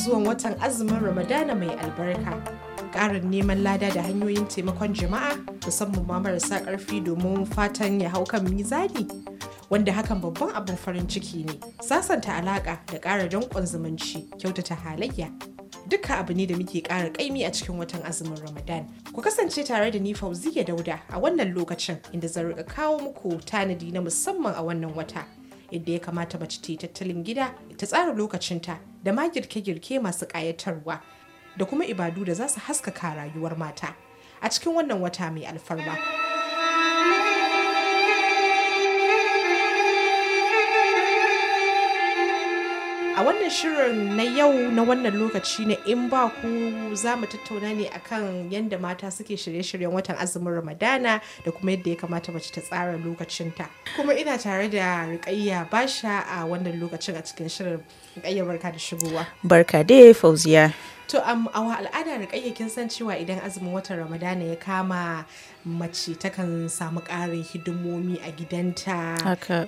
zuwan watan azumin Ramadana mai albarka. Ƙarin neman lada da hanyoyin taimakon jama'a musamman ma marasa ƙarfi domin fatan ya hau kan mizani wanda hakan babban abin farin ciki ne sasanta alaƙa da ƙara danƙon zumunci kyautata halayya Duka abu ne da muke ƙara ƙaimi a cikin watan azumin ramadan ku kasance tare da ni fauziya dauda a wannan lokacin inda zan rika kawo muku tanadi na musamman a wannan wata yadda ya kamata mace ta yi tattalin gida ta tsara lokacinta da ma girke-girke masu ƙayatarwa da kuma ibadu da za su haskaka rayuwar mata a cikin wannan wata mai alfarma. a wannan shirin na yau na wannan lokaci ne in ba ku za mu tattauna ne akan yadda mata suke shirye-shiryen watan azumin ramadana da kuma yadda ya kamata mace ta tsara lokacinta kuma ina tare da rikayya basha a wannan lokacin a cikin shirin rikayya barka da shigowa barka dai fauziya to a al'ada na kin san cewa idan azumin watan ramadana ya kama mace takan samu ƙarin hidimomi a gidanta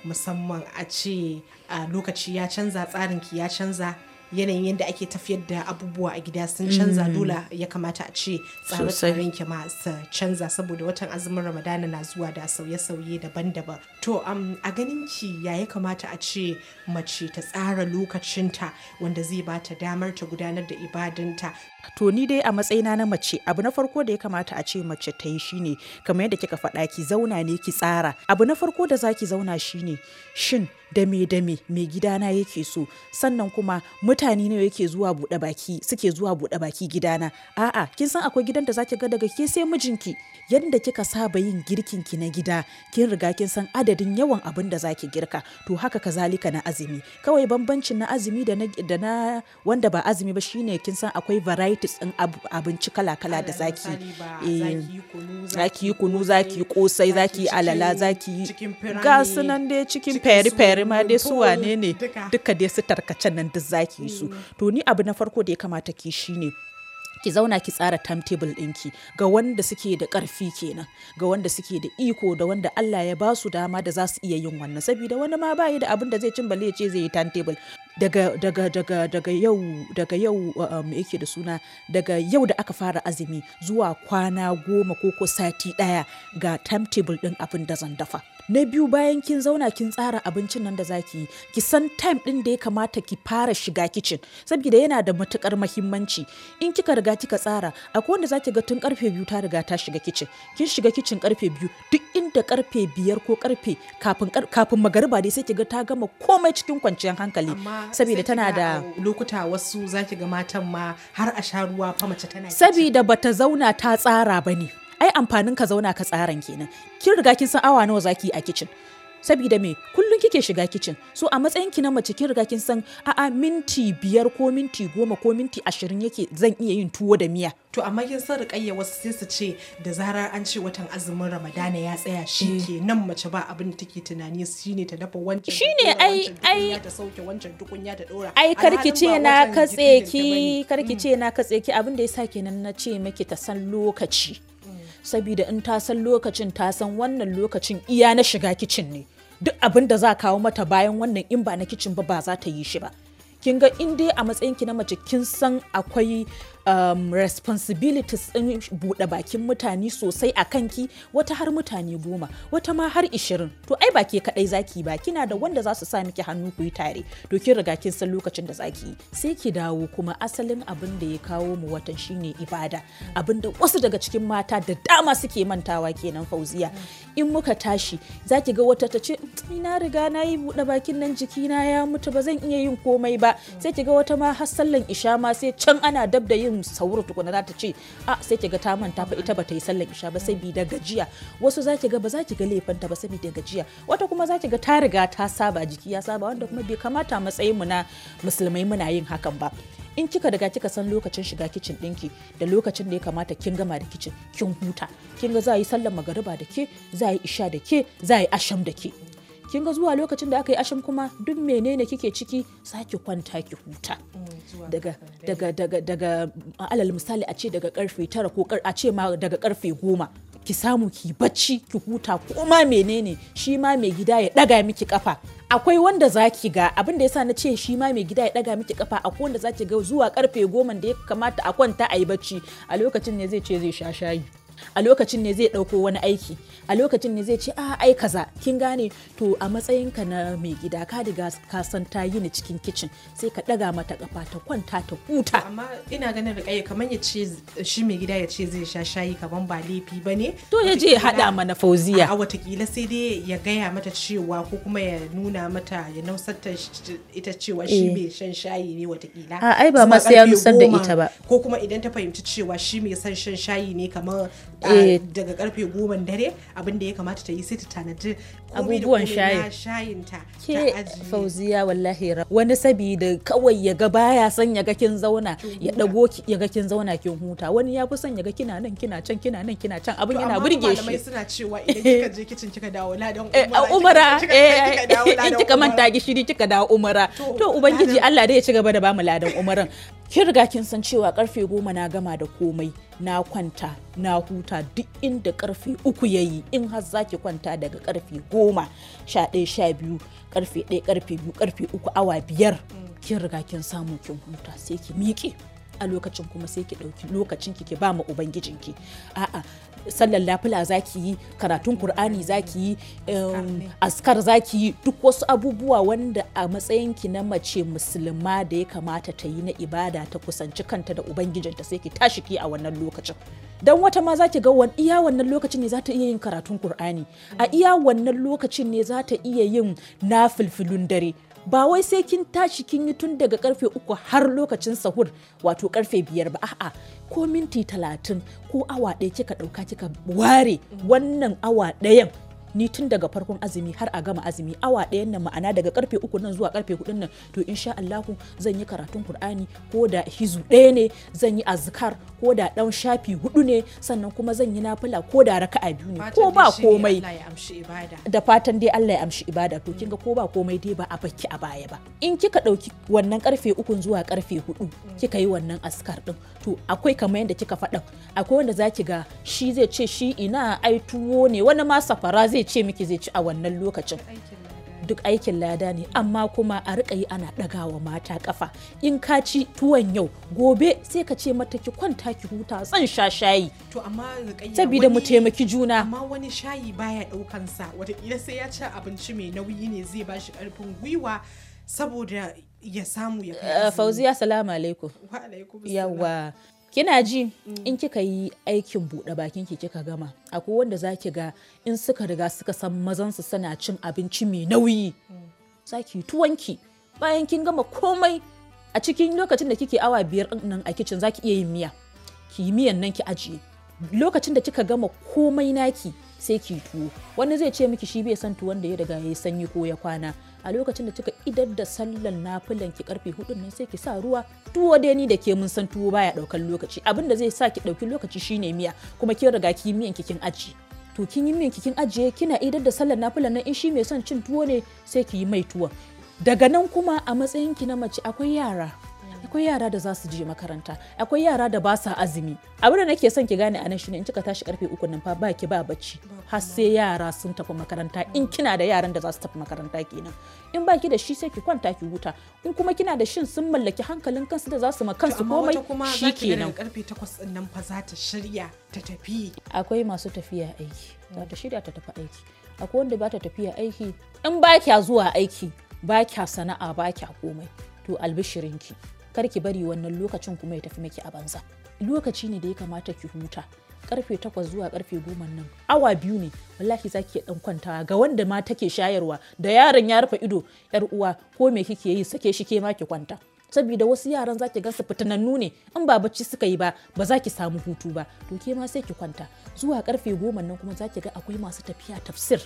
musamman a ce lokaci ya canza tsarinki ya canza yanayin yadda ake tafiyar da abubuwa a gida sun canza mm. dole ya kamata a ce tsare-tsaren ki su canza saboda watan azumin ramadana na zuwa da sauye-sauye daban-daban to um, a ganin ki ya ya kamata a ce mace ta tsara lokacinta wanda zai ba ta damar ta gudanar da ibadanta to ni dai a matsayina na mace abu na farko da ya kamata a ce mace ta yi shine kamar yadda kika faɗa ki zauna ne ki tsara abu na farko da zaki zauna shine shin dame dame mai gidana yake so sannan kuma mutane ne yake zuwa buɗe baki suke zuwa buɗe baki gidana a'a kin san akwai gidan da zaki ga daga ke sai mijinki yadda kika saba yin girkin ki na gida kin riga kin san adadin yawan abin da zaki girka to haka kazalika na azumi kawai bambancin na azumi da na wanda ba azumi ba shine kin san akwai variety varieties din abinci kala-kala da eh, zaki zaki yi kunu zaki yi kosai zaki yi alala zaki yi ga nan dai cikin fere-fere ma dai su wane ne duka dai su tarkacen nan duk zaki yi eh. su to ni abu na farko da ya kamata ki shine ki zauna ki tsara timetable ɗinki ga wanda suke da ƙarfi kenan ga wanda suke da iko da wanda Allah ya ba su dama da za su iya yin wannan saboda wani ma bayi da abin da zai cin bale ce zai yi timetable daga yau daga uh, uh, yake da suna daga yau da aka fara azumi zuwa kwana goma ko ko sati daya ga timetable din abin da zan dafa na biyu bayan kin zauna kin tsara abincin nan da zaki yi ki san time din da ya kamata ki fara shiga kicin saboda yana da matukar mahimmanci in kika riga kika tsara akwai wanda zaki ga tun karfe biyu ta riga ta shiga kicin kin shiga kicin karfe biyu duk in da karfe biyar ko karfe kafin magariba dai sai ga ta gama komai cikin kwanciyar hankali saboda tana da lokuta wasu zaki ga matan ma har a sha ruwa fa mace tana saboda bata zauna ta tsara bane ai amfanin ka zauna ka tsaran kenan kin riga kin san awa nawa zaki a kitchen saboda me kullum kike shiga kicin so a matsayin ki na mace kin riga kin san a'a minti biyar ko minti goma ko minti ashirin yake zan iya yin tuwo da miya to amma kin san riƙayya wasu sai su ce da zarar an ce watan azumin ramadana ya tsaya shi eh. ke nan mace ba abin da take tunani shine ta dafa wancan shine ai ai ta sauke wancan tukunya ta dora ai karki ce na katse ki karki ce mm. na katse ki abin da ya yasa kenan na ce miki ta san lokaci saboda in ta san lokacin ta san wannan lokacin iya na shiga kicin ne duk abin da za kawo mata bayan wannan in ba na kicin ba ba za ta yi shi ba kin ga in dai a matsayin ki na mace kin san akwai um, responsibilities ɗin buɗe bakin mutane sosai a kanki wata har mutane goma wata ma har ishirin to ai baki ke kaɗai zaki ba kina da wanda za su sa miki hannu ku yi tare to kin riga kin san lokacin da zaki yi sai ki dawo kuma asalin abin da ya kawo mu watan shine ibada abin da wasu daga cikin mata da dama suke mantawa kenan fauziya in muka tashi za ga wata ta ce na riga na yi buɗe bakin nan jiki na ya mutu ba zan iya yin komai ba sai ki ga wata ma har sallan isha ma sai can ana dab da yin yin sauro tukuna za ta ce a ah, sai ki ga ta manta fa ita ba ta yi sallan isha ba sai bi da gajiya wasu za ki ga ba za ki ga ta ba sai bi da gajiya wata kuma za ki ga ta riga ta saba jiki ya saba wanda kuma bai kamata matsayin mu na musulmai muna yin hakan ba in kika daga kika san lokacin shiga kicin ɗinki da lokacin da ya kamata kin gama da kicin kin huta kin ga za yi sallan magariba da ke za yi isha da ke za yi asham da ke kin ga zuwa lokacin da aka yi ashin kuma duk menene kike ciki sake kwanta ki huta daga daga daga daga alal misali a ce daga karfe tara ko a ce ma daga karfe goma ki samu ki bacci ki huta kuma menene shi ma mai gida ya daga miki kafa akwai wanda zaki ga abin da yasa na ce shi ma mai gida ya daga miki kafa akwai wanda zaki ga zuwa karfe goma da ya kamata a kwanta a yi bacci a lokacin ne zai ce zai sha shayi a lokacin ne zai ɗauko wani aiki a lokacin ne zai ce a ah, ai kaza kin gane to a matsayinka na mai gida ka riga ka san ta yi ni cikin kicin sai ka ɗaga mata kafa ta kwanta ta huta amma ina ganin riƙaye kamar ya ce shi mai gida ya ce zai sha shayi kaman ba laifi ba ne to ya je hada mana fauziya a watakila sai dai ya gaya mata cewa ko kuma ya nuna mata ya nausar ita cewa shi eh. mai shan shayi ne watakila a ai ba ma sai ya nusar da ita ba ko kuma idan ta fahimci cewa shi mai san shan shayi ne kamar Eh. daga karfe goma dare abin da ya kamata ta yi sai ta tanadi abubuwan shayin ta ke fauziya wallahi wani sabida kawai ya ga baya son ya ga kin zauna ya dago ya ga kin zauna kin huta wani ya fi son ya ga kina nan kina can kina nan kina can abin yana burge shi amma suna cewa idan kika je kicin kika dawo ladan eh, umara eh in kika manta gishiri kika dawo umara to ubangiji Allah dai ya ci gaba da bamu ladan umaran kin riga kin san cewa karfe goma na gama da komai na kwanta na huta duk inda karfe uku ya yi in har za ki kwanta daga karfe goma sha ɗaya sha biyu karfe ɗaya karfe biyu karfe uku awa biyar mm. kin riga kin samu kin huta sai ki miƙe a lokacin kuma sai ki ɗauki lokacin ki ki ba ma ubangijinki a'a sallar lafila za ki yi karatun kur'ani za ki yi askar za ki yi duk wasu abubuwa wanda a matsayinki na mace musulma da ya kamata ta yi na ibada ta kusanci kanta da ubangijinta sai ki tashi ki a wannan lokacin dan wata ma za ki ga iya wannan lokacin ne za ta iya yin karatun kur'ani a iya wannan lokacin ne za ta iya yin nafilfilun dare ba wai sai kin tashi kin yi tun daga karfe uku har lokacin sahur wato karfe biyar ba a'a ko minti talatin ko awa ɗaya kika ɗauka kika ware mm. wannan awa ɗayan ni tun daga farkon azumi har a gama azumi awa ɗayan nan ma'ana daga karfe uku nan zuwa karfe hudu nan to in sha Allahu zan yi karatun Kur'ani ko da hizu ɗaya ne zan yi azkar ko da ɗan shafi hudu ne sannan kuma zan yi nafila ko da raka'a biyu ne ko ba komai da fatan dai Allah ya amshi ibada to kinga ko ba komai dai ba a baki a baya ba in kika ɗauki wannan karfe ukun zuwa karfe hudu mm. kika yi wannan askar din to akwai kamar yadda kika faɗa akwai wanda zaki ga shi zai ce shi ina ai tuwo ne wani ma safara zai zai ce miki zai ci a wannan lokacin duk aikin lada ne amma kuma a rika yi ana ɗagawa mata kafa in ka ci tuwon yau gobe sai ka ce mata ki kwanta ki huta zan sha shayi to amma saboda mu taimaki juna amma wani shayi baya ɗaukan sa ila sai ya ci abinci mai nauyi ne zai bashi karfin gwiwa saboda ya samu ya kai eh, fauziya salamu alaikum wa alaikum yawa kina ji mm. in kika yi aikin buɗe bakin ki kika gama akwai wanda za ki ga in suka riga suka san mazan su suna cin abinci mai nauyi mm. za ki yi tuwanki bayan kin gama komai a cikin lokacin da kike awa biyar nan a kicin za ki iya yin miya ki yi miyan nan ki ajiye lokacin da kika gama komai naki sai ki tuwo wani zai ce miki shi bai san tuwon da ya riga ya sanyi ko ya kwana a lokacin da kika idar da sallan nafilan ki karfe hudun nan sai ki sa ruwa tuwo dai ni da ke mun san tuwo baya daukan lokaci abin da zai sa ki dauki lokaci shine miya kuma kin riga ki miyan ki kin aji to kin yi miyan ki kin ajiye kina idar da sallan nafilan nan in shi mai son cin tuwo ne sai ki yi mai tuwon daga nan kuma a matsayin ki na mace akwai yara akwai yara da za su je makaranta akwai yara da ba sa azumi abin da nake son ki gane a nan shine in kika tashi karfe uku nan fa ba ki ba bacci har sai yara sun tafi makaranta in kina da yaran da za su tafi makaranta kenan in ba ki da shi sai ki kwanta ki huta in kuma kina da shin sun mallaki hankalin kansu da za su ma kansu komai shi kenan karfe 8 din nan fa za ta shirya ta tafi akwai masu tafiya aiki za ta shirya ta tafi aiki akwai wanda ba ta tafiya aiki in ba kya zuwa aiki ba kya sana'a ba kya komai to albishirinki kar ki bari wannan lokacin kuma ya tafi miki a banza lokaci ne da ya kamata ki huta karfe takwas zuwa karfe 10 nan awa biyu ne wallahi za ki dan kwantawa ga wanda ma take shayarwa da yaron ya rufe ido yar uwa ko me kike yi sake shi ke ma ki kwanta saboda wasu yaran za ki ga su fitanannu ne in ba bacci suka yi ba ba za ki samu hutu ba to ke ma sai ki kwanta zuwa karfe goma nan kuma za ki ga akwai masu tafiya tafsir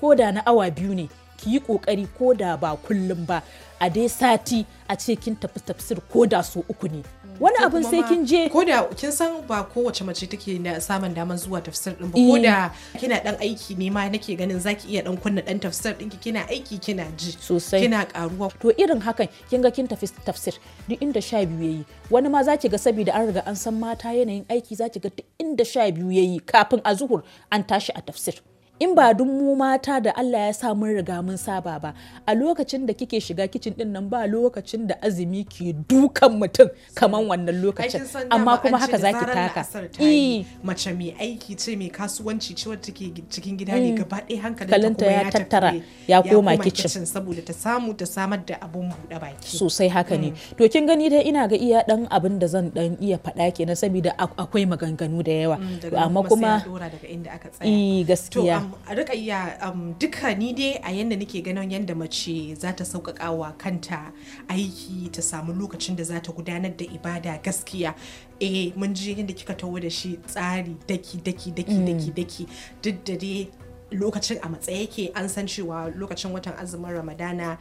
ko da na awa biyu ne ki yi kokari ko da ba kullum ba a dai sati a ce kin tafi tafsir ko da so uku ne mm. wani abin sai kin je ko da kin san ba kowace mace take na samun daman zuwa tafsir din ba ko eh. da kina dan aiki ne ma nake ganin zaki iya dan kunna dan tafsir din ki kina aiki kina ji sosai kina karuwa to irin hakan kin ga kin tafi tafsir duk inda sha biyu yayi wani ma zaki ga saboda an riga an san mata yanayin aiki zaki ga duk inda sha biyu yayi kafin a zuhur an tashi a tafsir in ba dun mu mata da Allah ya sa mun riga mun saba ba a lokacin da kike shiga kicin din nan ba lokacin da azumi ke dukan mutum kaman wannan lokacin amma kuma haka zaki taka eh. mace mai aiki ce mai kasuwanci ce wadda take cikin gida ne eh. gaba ɗaya hankalinta kuma ya tattara ya koma kicin saboda ta samu ta samar da abun buɗe baki sosai haka ne mm. to kin gani dai ina ga iya dan abin da zan dan iya faɗa kenan saboda akwai maganganu da yawa mm, amma kuma daga inda aka tsaya eh, gaskiya a iya um, duka ni dai a yanda nake ganin yadda mace za ta sauƙaƙa wa kanta aiki ta samu lokacin da za ta gudanar da ibada gaskiya eh mun ji yadda kika tawo da shi tsari daki daki daki mm. daki daki duk da dai lokacin a matsayi yake an san cewa lokacin watan azumin ramadana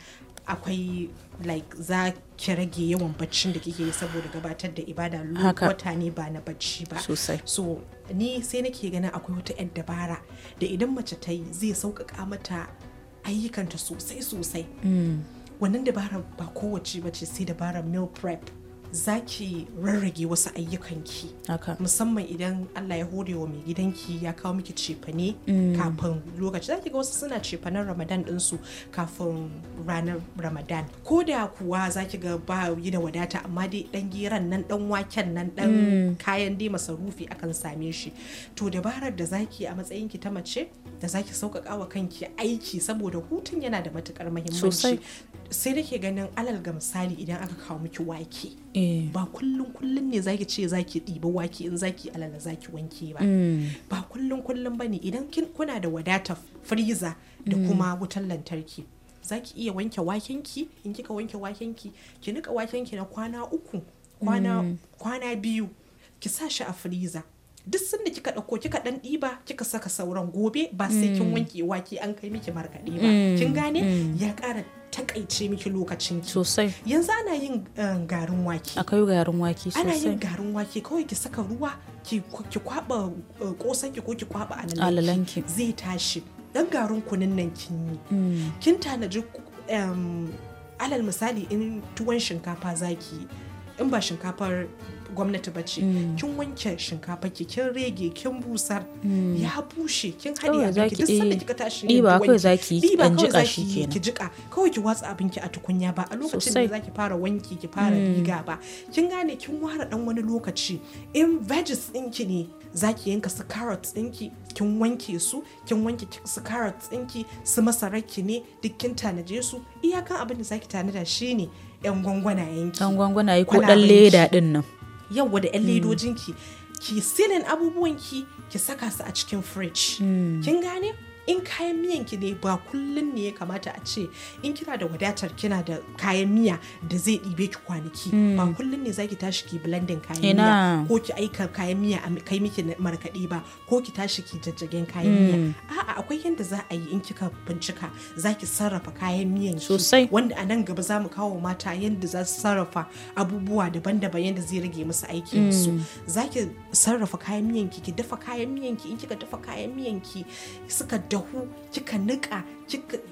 akwai like za ki rage yawan baccin da kike yi saboda gabatar da ibada wata ne ba na bacci ba sosai so ni sai nake ganin akwai wata 'yan dabara da idan mace ta yi zai sauƙaƙa mata ayyukanta sosai sosai mm. wannan dabara ba kowace bace sai dabarar meal prep za ki rarrage wasu ayyukanki musamman idan Allah ya hore wa mai gidanki ya kawo miki cefane mm. kafin lokaci za ki ga wasu suna cefanen ramadan ɗinsu kafin ranar ramadan ko da kuwa za ki ga ba yi da wadata amma dai ɗan geran nan dan waken nan dan mm. kayan dai masarufi akan same shi to dabarar da za ki a matsayinki ta mace da za ki sauƙaƙa wa kanki aiki saboda hutun yana da matuƙar muhimmanci sai nake ganin alal ga misali idan aka kawo miki wake eh. Eh. ba kullum kullum ne zaki ce zaki ɗiba wake in zaki alala zaki wanke ba mm. ba kullum kullum ba ne idan kuna da wadatar freezer da mm. kuma wutar lantarki zaki iya wanke wakenki in kika wanke wakenki ki nika wakenki na kwana uku mm. kwana biyu ki sa shi a freezer duk sanda kika ɗauko kika ɗan ɗiba kika saka sauran gobe ba sai kin wanke wake an kai miki markaɗe ba kin gane ya ƙara takaice miki lokacin sosai yanzu ana yin eh, garin wake akwai garin wake sosai ana yin garin wake kawai ki saka ruwa ki kwaba kosan ki eh, ko ki kwaba alalanki zai tashi dan garin kunun nan kin yi mm. kin tanaji alal misali in tuwon shinkafa zaki in ba shinkafar gwamnati ba ce mm. kin wanke shinkafa ki kin rege kin busar mm. ya bushe kin hade a duk sanda eh, kika tashi ne ba kawai zaki ki jika shi kenan ki jika kawai ki watsa abin ki a tukunya ba a lokacin da zaki fara wanki ki fara mm. riga ba kin gane kin wara dan wani lokaci in veggies din ki ne za ki yanka su carrots ɗinki kin wanke su kin wanke su carrots ɗinki su ki ne duk kin tanaje su iyakan abin da za ki tanada shine yan gwangwanayenki yan gwangwanaye ko dan leda din nan yawwa da yan mm. ledojinki ki silin ki. ki saka su a cikin fridge mm. kin gane in kayan miyan ki ne ba kullun ne ya kamata a ce in kina da wadatar kina da kayan miya da zai ɗibe ki kwanaki hmm. ba kullun ne zaki tashi ki blending kayan miya ko ki aika kayan miya a kai miki markaɗe ba ko ki tashi ki jajjagen kayan miya hmm. a'a akwai yanda za a yi in kika bincika zaki sarrafa kayan miyan sosai wanda a nan gaba za mu kawo mata yanda za su sarrafa abubuwa daban-daban yanda zai rage musu aikin su hmm. zaki sarrafa kayan miyan ki ki dafa kayan miyan ki in kika dafa kayan miyan ki suka dahu kika nika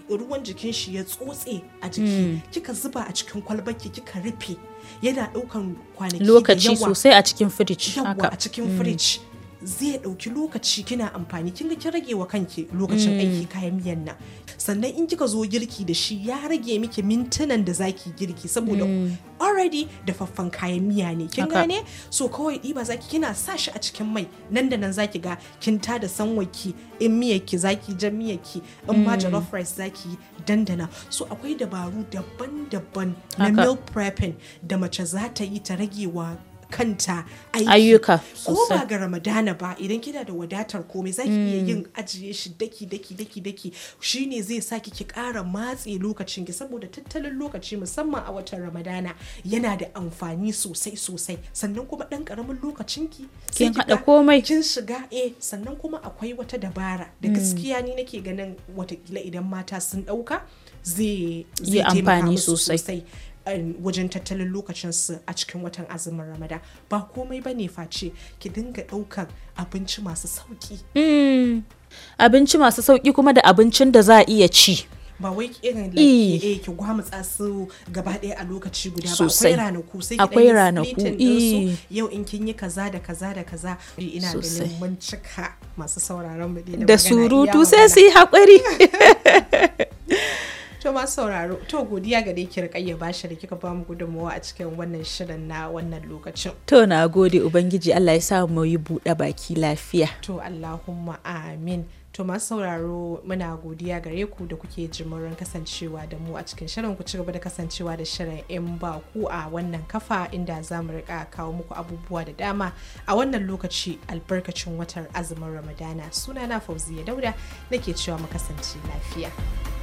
ruwan jikin shi ya tsotse a jiki hmm. kika zuba a cikin kwalbaki kika rufe yana daukan kwanaki lokaci sosai a cikin fridge yawa a cikin fridge hmm. zai ɗauki lokaci kina amfani kin ga kin rage wa kanki lokacin mm. aiki kayan miyan nan sannan in kika zo girki da shi ya rage miki mintunan da zaki girki saboda mm. already dafaffen kayan miya ne kin gane so kawai diba zaki kina sa shi a cikin mai nan da nan zaki ga kin ta da sanwaki in miyarki zaki jan miyarki in ma mm. jollof rice zaki dandana so akwai dabaru daban-daban na meal prepping da mace za ta yi ta rage wa kanta ayyuka ko ba ga ramadana ba idan kina da wadatar komai za ki iya hmm. yin ajiye shi daki daki daki daki shine zai sa ki kara matse lokacin ki saboda tattalin lokaci musamman a watan ramadana yana da amfani sosai sosai sannan kuma dan karamin lokacin ki kin haɗa komai kin shiga eh sannan kuma akwai wata dabara da hmm. gaskiya ni nake ganin watakila idan mata sun ɗauka zai amfani sosai Eh, wajen tattalin lokacinsu a cikin watan azumin ramada ba komai ba ne face ki dinga ɗaukar abinci masu sauki hmm. abinci masu sauki kuma da abincin da za a iya ci ba wai irin like eh, ki gwamutsa su gaba ɗaya a lokaci guda ba akwai ranaku sai akwai ranaku yau in kin yi kaza da kaza da kaza ina ganin mun cika masu sauraron mu da surutu sai su yi haƙuri To masu sauraro, to godiya ga dai kirkayya bashi da kika bamu gudunmawa a cikin wannan shirin na wannan lokacin. To na gode Ubangiji Allah ya sa mu yi buɗe baki lafiya. To Allahumma amin. To masu sauraro muna godiya gare ku da kuke jimurin kasancewa da mu a cikin shirin ku ci gaba da kasancewa da shirin in ba ku a wannan kafa inda za mu rika kawo muku abubuwa da dama a wannan lokaci albarkacin watan azumin Ramadana sunana Fauziya Dauda nake cewa mu kasance lafiya.